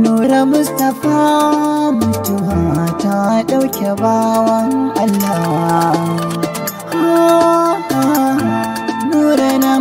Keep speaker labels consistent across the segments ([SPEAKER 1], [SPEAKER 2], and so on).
[SPEAKER 1] Nura Mustapha mutuwa ta ɗauke bawan Allah. Nura na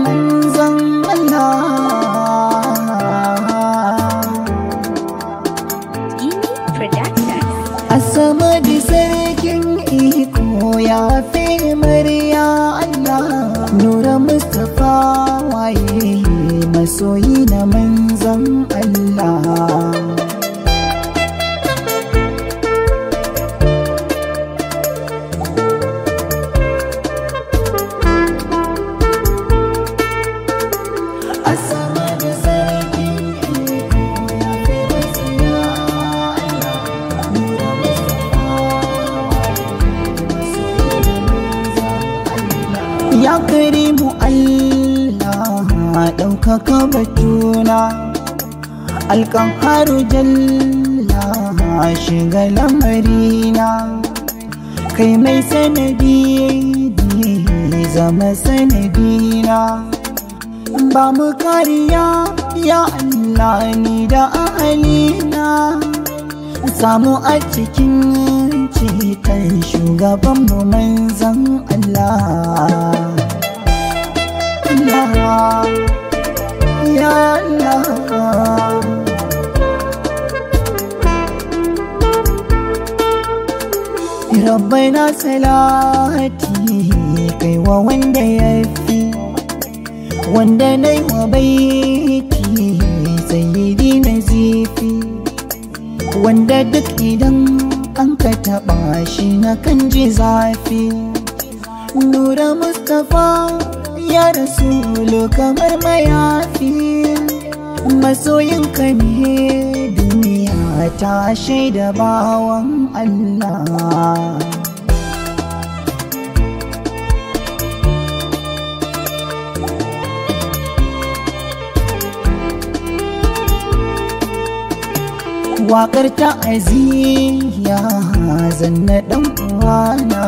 [SPEAKER 1] haka batuna alkan haru jalla shiga lamarina kai mai sanadi zama sanadina ba mu kariya ya Allah ni da ahalina samu a cikin cikin shugaban mu manzan Allah Allah ya Allah Rabbai na salati kai wa wanda ya fi wanda na yi wa baiti sayyidi na zifi wanda duk idan an ka taɓa shi na kan ji zafi Nura Mustapha ya rasulu kamar mayafi masoyinka ne duniya ta shaida bawan Allah Waƙar ta aziya zanna ɗan uwana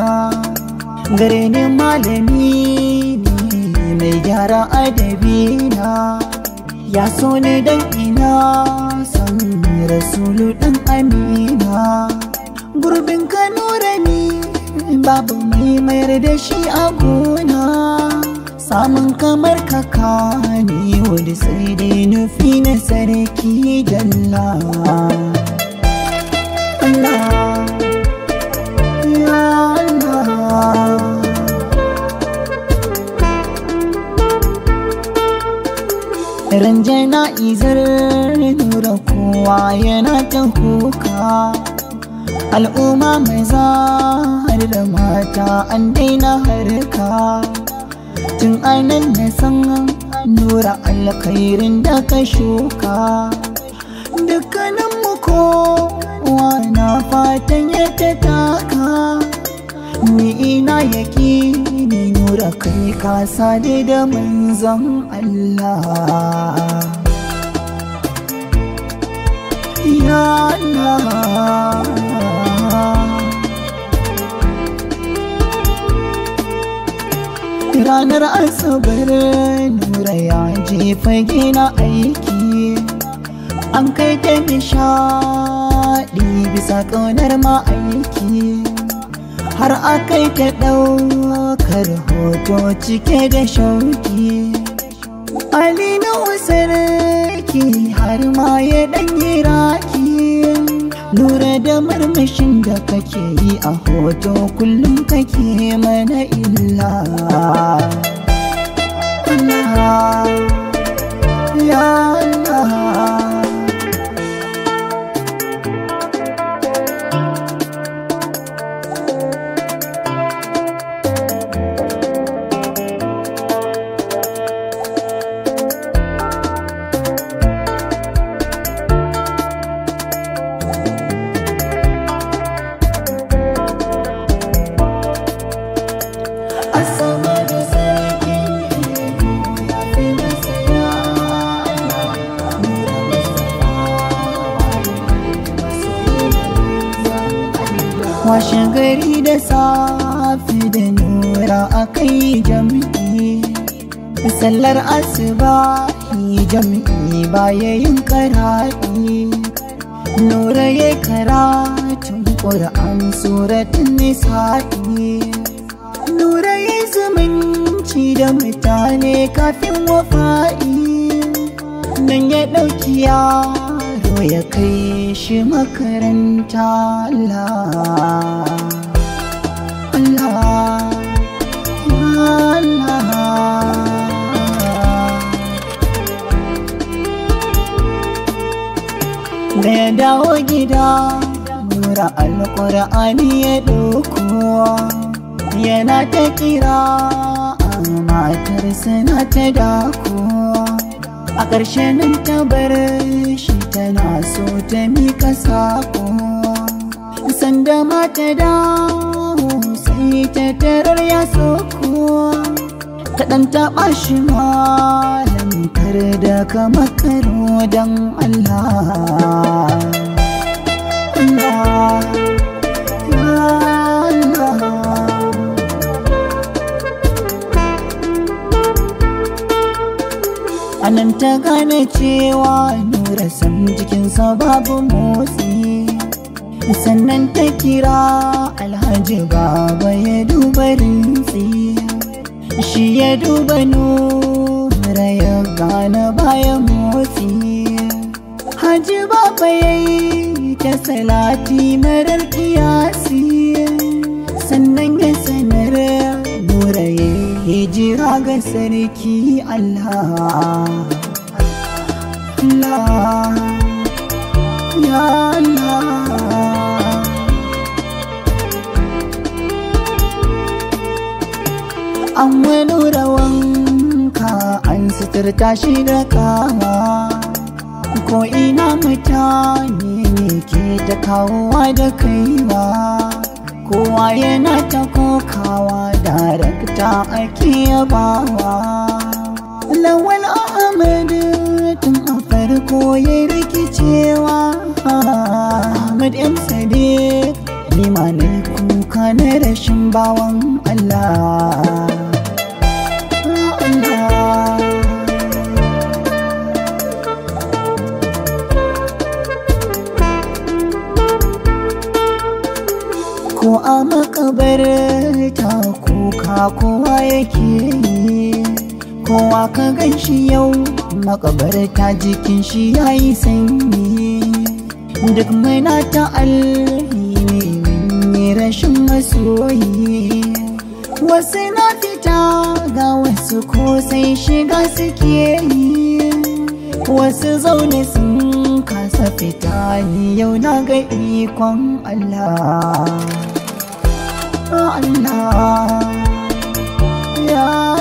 [SPEAKER 1] gare ni malami mai gyara adabi na ya so ni dan ina san rasulu dan amina gurbin ka nura babu mai mayar da shi a gona samun kamar kaka ne wani sai dai nufi na sarki jalla Allah izar nura kowa yana ta kuka al'umma mai zahar da mata an daina harka tun anan na san nura alkhairin da ka shuka dukkanin mu kowa na fatan ya ta taka ni ina yaki nura kai ka dai da manzon Allah ranar asabar nura ya je fage na aiki an kai ta nishaɗi bisa ƙaunar aiki, har aka yi ta ɗaukar hoto cike da shauki Ali na sarki har ma ya ɗanyi raki Lura da marmashin da kake yi a hoto kullum kake mana illa washe gari da safi da nura a kai jam'i sallar asubahi jam'i bayayin karaɗi nura ya karatun ƙura'an suratun nisa'i nura ya zumunci da mutane kafin wafa'i nan ya ɗauki yawa ya kai shi makaranta Allah Allah Da ya dawo gida, mura alƙur'ani ya ɗauko yana ta kira matarsa na ta dako a ƙarshe nan ta bar shi tana so ta mika sako sanda ma ta dawo sai ta tarar ya soko kaɗan taɓa shi malam kar da ka makaro don Allah Allah anan ta gane cewa rasan cikin sababin motsi sannan ta kira alhaji baba ya duba rintsi shi ya duba nura ya gane baya motsi haji baba ya yi ta salati marar kiyasi sannan ya sanar nura ya hijira ga sarki allah Allah ya Allah an wani rawanka an suturta shi da kama ko ina mutane ne ke ta kawowa da kaiwa kowa yana ta kokawa darakta ake yabawa lawal ahmadu tun a farko ya rikicewa Ahmad M. Sadiq kuka na rashin bawan Allah Ko a makabarta kuka kowa yake yi kowa ka gan shi yau makabarta jikin shi ya yi sanyi duk mai na ta ne rashin masoyi wasu na fita ga wasu ko sai shiga suke yi wasu zaune sun kasa fita ni yau na ga ikon Allah Allah ya